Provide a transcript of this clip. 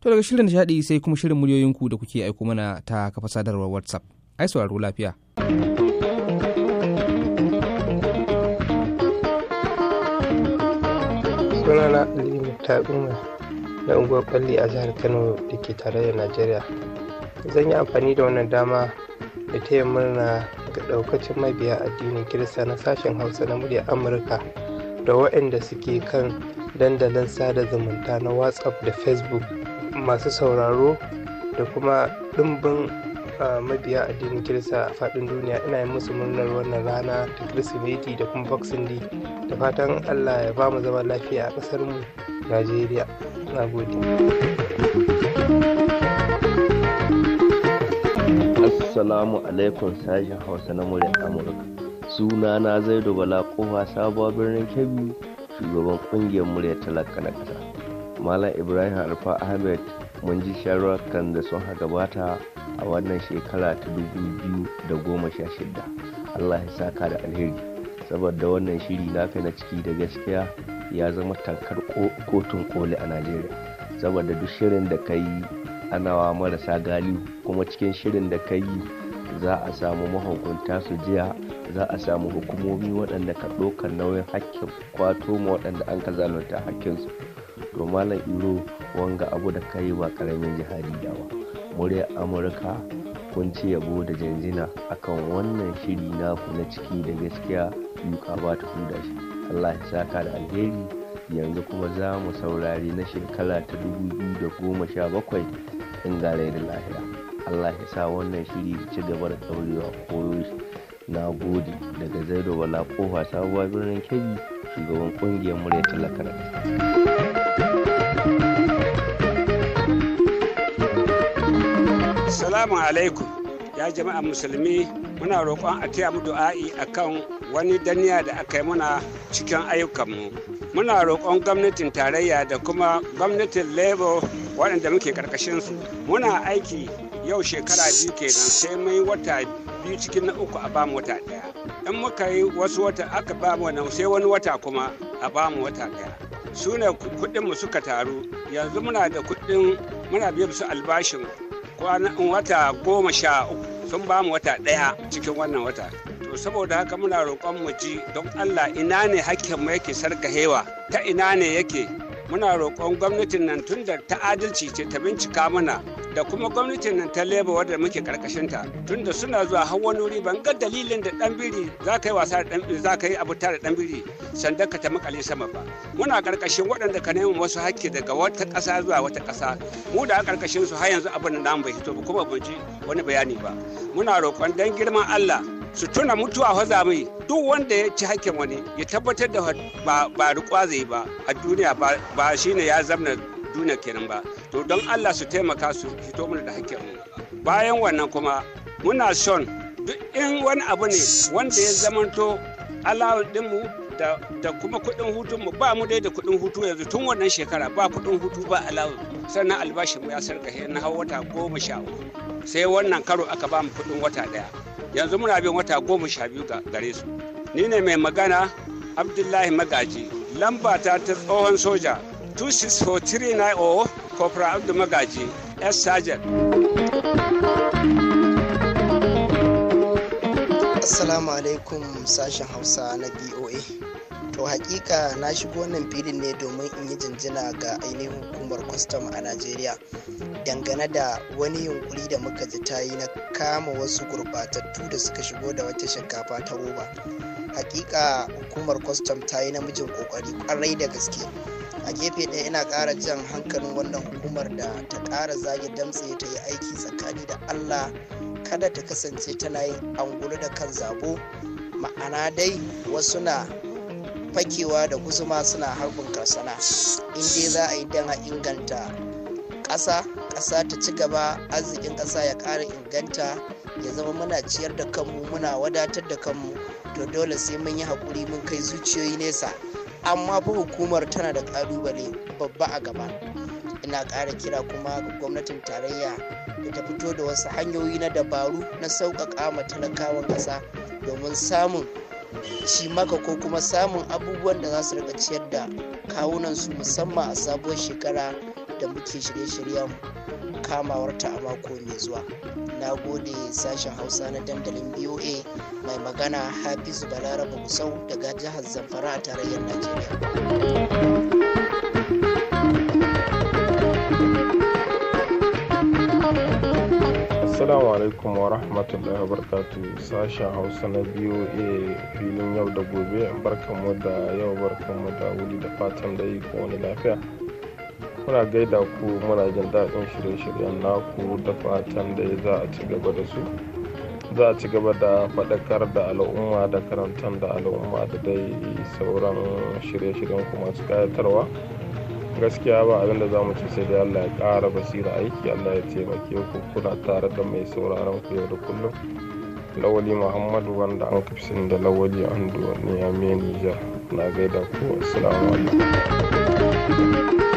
To daga shirin nishaɗi sai kuma shirin muryoyinku da kuke aiko mana ta kafa sadarwar WhatsApp. Ai sauraro lafiya. Sunana Aliyu ta Umar na unguwar kwalli a jihar Kano da ke tarayyar Najeriya. Zan yi amfani da wannan dama da taya murna ga ɗaukacin mabiya addinin Kirista na sashen Hausa na muryar Amurka da waɗanda suke kan dandalin sada zumunta na WhatsApp da Facebook masu sauraro da kuma ɗimbin ah, mabiya addinin kirista a faɗin duniya ina yi musu murnar wannan rana ta kirsimeti da kuma boxing day da fatan allah ya ba mu zama lafiya a ƙasar mu najeriya na assalamu alaikum sashen hausa na muryar amurka sunana zai bala kofa sabuwar birnin kebbi shugaban kungiyar murya talaka na ƙasa malam ibrahim alfa ahmed mun ji kan da sun gabata a wannan shekara ta 2016 allah ya saka da alheri saboda wannan shiri lafiya na ciki da gaskiya ya zama tankar kotun koli a najeriya saboda duk shirin da ka yi ana marasa gali kuma cikin shirin da ka yi za a samu mahukunta su jiya za a samu hukumomi waɗanda ka ɗaukar nauyin hakkin kwato ma waɗanda an ka zalunta hakkinsu to malam iro wanga abu da kai ba karamin jihadi da ba murya amurka kun ci yabo da janjina akan wannan shiri naku na ciki da gaskiya yuka ba ta huda shi allah ya saka da alheri yanzu kuma za mu saurari na shekara ta 2017 in gare da lahira allah ya sa wannan shiri ci gaba da ɗaurewa koyo na gode daga zai da wala kofa sabuwa birnin kebbi shugaban kungiyar murya talakar Assalamu alaikum. Ya jama'a musulmi muna roƙon a taya mu du'a'i akan wani daniya da aka yi muna cikin ayyukanmu. Muna roƙon gwamnatin tarayya da kuma gwamnatin Labour waɗanda muke ƙarƙashinsu. Muna aiki yau shekara biyu kenan sai mai wata biyu cikin na uku a bamu wata ɗaya. In muka yi wasu wata aka bamu wani sai wani wata kuma a bamu wata ɗaya. Su kuɗinmu suka taru yanzu muna da kuɗin muna biyan su albashin wata goma sha uku sun ba mu wata ɗaya cikin wannan wata to saboda haka muna roƙon mu ji don allah ina ne hakkin mu yake hewa ta ina ne yake muna roƙon gwamnatin nan tun da ta adalci ce ta bincika mana da kuma gwamnatin nan ta leba wadda muke karkashinta tunda suna zuwa har wani wuri ban ga dalilin da dan biri za ka yi wasa da dan za ka yi abu tare da dan biri sandan ka ta makale sama ba muna karkashin waɗanda ka nemi wasu hakki daga wata ƙasa zuwa wata ƙasa mu da karkashin su har yanzu abin da bai hito ba kuma ban ji wani bayani ba muna roƙon dan girman Allah su tuna mutuwa fa za mai duk wanda ya ci hakkin wani ya tabbatar da ba riƙwa zai ba a duniya ba shine ya zamna duniya kenan ba to don allah su taimaka su fito mana da hakkin bayan wannan kuma muna son duk in wani abu ne wanda ya zamanto alawun mu da kuma kudin hutun mu ba mu dai da kudin hutu yanzu tun wannan shekara ba kudin hutu ba alawun sannan albashin mu ya sarka na hau wata goma sha sai wannan karo aka ba mu kuɗin wata ɗaya yanzu muna bin wata goma sha biyu gare su ni ne mai magana abdullahi magaji lambata ta tsohon soja 26439 Corporal Abdu Magaji, S. Sergeant. Assalamu alaikum sashen Hausa na BOA. To hakika na shigo wannan filin ne domin in yi jinjina ga ainihin hukumar kwastam a Najeriya dangane da wani yunkuri da muka ji ta yi na kama wasu gurbatattu da suka shigo da wata shinkafa ta roba. Hakika hukumar kwastam ta yi namijin kokari kwarai da gaske. a gefe ɗaya ina ƙara jan hankalin wannan hukumar da ta ƙara zage damtse ta yi aiki tsakani da allah kada ta kasance tana yin angulu da kan zabo ma'ana dai wasu na fakewa da guzuma suna harbin karsana in dai za a yi don a inganta ƙasa ƙasa ta ci gaba arzikin ƙasa ya ƙara inganta ya zama muna ciyar da kanmu muna wadatar da kanmu to dole sai mun yi haƙuri mun kai zuciyoyi nesa amma fa hukumar tana da kalubale babba a gaba ina ƙara kira kuma ga gwamnatin tarayya da ta fito da wasu hanyoyi na dabaru na sauƙaƙa ma talakawan ƙasa domin samun ci maka ko kuma samun abubuwan da za su riga ciyar da kawunansu musamman a sabuwar shekara da muke shirye-shiryen kamawarta a mako mai zuwa na gode sashen hausa na dandalin boa mai magana hafizu balaraba musau daga jihar zamfara a tarayyar najeriya Assalamu alaikum wa rahmatullahi wa barakatuh sashen Hausa na BOA filin yau da gobe barkanmu da yau barkanmu da wuri da fatan da yi wani lafiya. muna gaida ku muna jin daɗin shirye-shiryen naku da fatan da za a ci gaba da su za a ci gaba da faɗakar da al'umma da karantar da al'umma da dai sauran shirye-shiryen kuma masu kayatarwa gaskiya ba abin za mu ci sai dai allah ya ƙara basira aiki allah ya taimake ku kuna tare da mai sauraron ku yau da kullum lawali muhammadu wanda an kafsin da lawali an duwa ne nijar na gaida ku assalamu alaikum